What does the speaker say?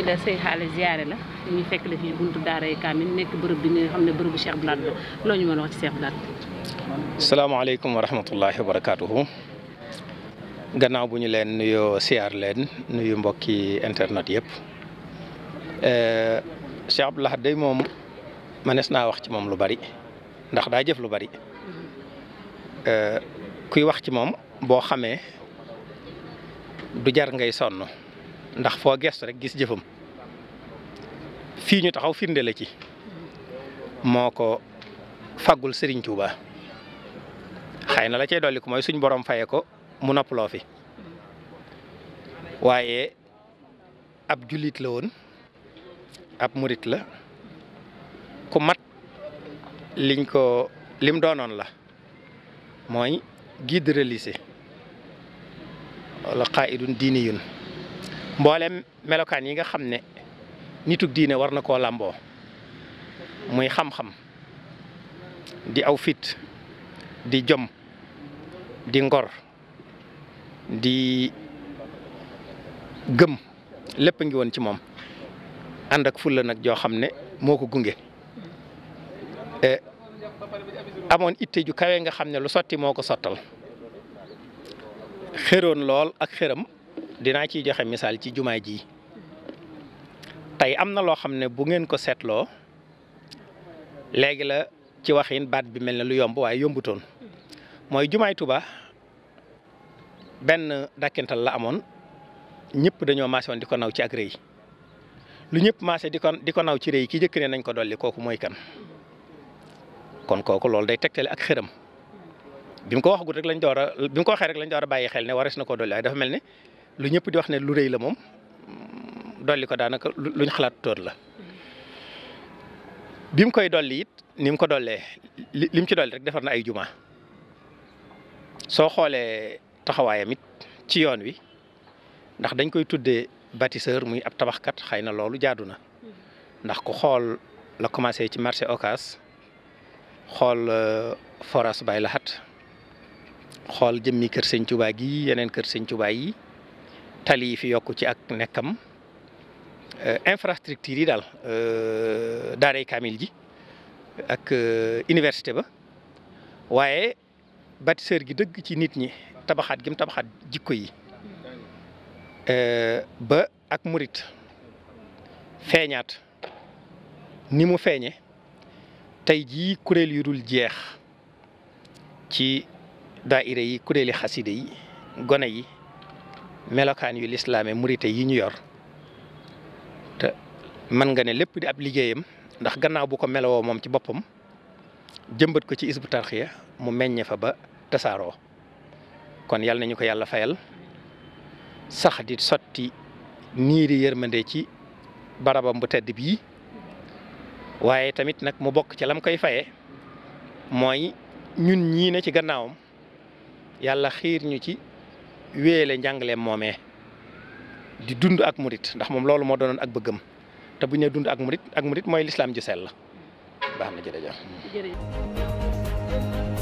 nuyu la say xaale ziyaare bi nga xam ne bërëbu Cheikh a salaamaaleykum wa rahmatullahi wa bu ñu leen nuyoo siyaar leen nuyu mbokki internet yëpp eh, Cheikh Abdou Lahad day moom mënees naa wax ci moom lu bari ndax daa jëf lu bari eh, kuy wax ci moom boo xamee du jar ngay sonn ndax foo gestu rek gis jëfam fii ñu taxaw firnde la ci moo ko faggul sëriñ Touba xëy na la cay dolli ko mooy suñ borom faye ko mu noppaloo fi waaye ab jullit la woon ab murit la ku mat liñ ko lim doonoon la mooy guide religieux wala qaidun diiniyun mboolem melokaan yi nga xam ne nitug diine war na koo làmboo muy xam-xam di aw fit di jom di ngor di gëm lépp ngi woon ci moom ànd ak fulla nag joo xam ne moo ko gunge e, amoon itte ju kawe nga xam ne lu sotti moo ko sottal xëroon lool ak xéram dinaa ci joxe misaal ci jumaa ji tey am na loo xam ne bu ngeen ko seetloo léegi la ci waxin baat bi mel ne lu yomb waaye yombutoon mooy jumaay tubaa benn dàkkintal la amoon ñëpp dañoo maase woon di ko naw ci ak rëy lu ñëpp maase di ko di ko naw ci rëy ki jëkk ne nañ ko dolli kooku mooy kan kon kooku loolu day tegtale ak xëram bi mu ko waxagut rek lañ door a bi mu ko waxee rek lañ door bàyyi xel ne waris na ko dolli waaye dafa mel ne lu ñëpp di wax ne lu rëy la moom dolli ko daanaka luñ xalaat tóor la bi koy dolli it ni ko dollee li mu ci dolli rek defar na ay juma soo xoolee taxawaayam ci yoon wi ndax dañ koy tuddee batiseur muy ab tabaxkat xëy na loolu jaadu na ndax ku xool la commencé ci marché ocas xool euh, foras baay Lahat xool jëmmi kër Sëñ Tuubaa gi yeneen kër Sëñ Tuubaa yi tali yi fi yokk ci ak nekkam Euh, infrastructure yi daal euh, daaray kaamil ji ak euh, université ba waaye bâtisseur gi dëgg ci nit ñi tabaxaat gi tabaxaat jikko yi ba ak murit feeñaat ni mu feeñe tey jii kuréel yu dul jeex ci daa daayira yi kuréeli xaside yi gone yi melokaan yu lislaame murite yi ñu yor man nga ne lépp di ab liggéeyam ndax gannaaw bu ko melowoo moom ci boppam jëmbat ko ci isbu mu meññe fa ba tasaaroo kon yal nañu ko yàlla fayal sax di sotti niiri yërmande ci barabam bu tedd bii waaye tamit nag mu bokk ci lam koy faye mooy ñun ñii ne ci gannaawam yàlla xiir ñu ci wéele njàngaleem moomee di dund ak murit ndax moom loolu moo doonoon ak bëggam te bu ñu nee ak murit ak murit mooy lislaam ji sell la na jërëjëf.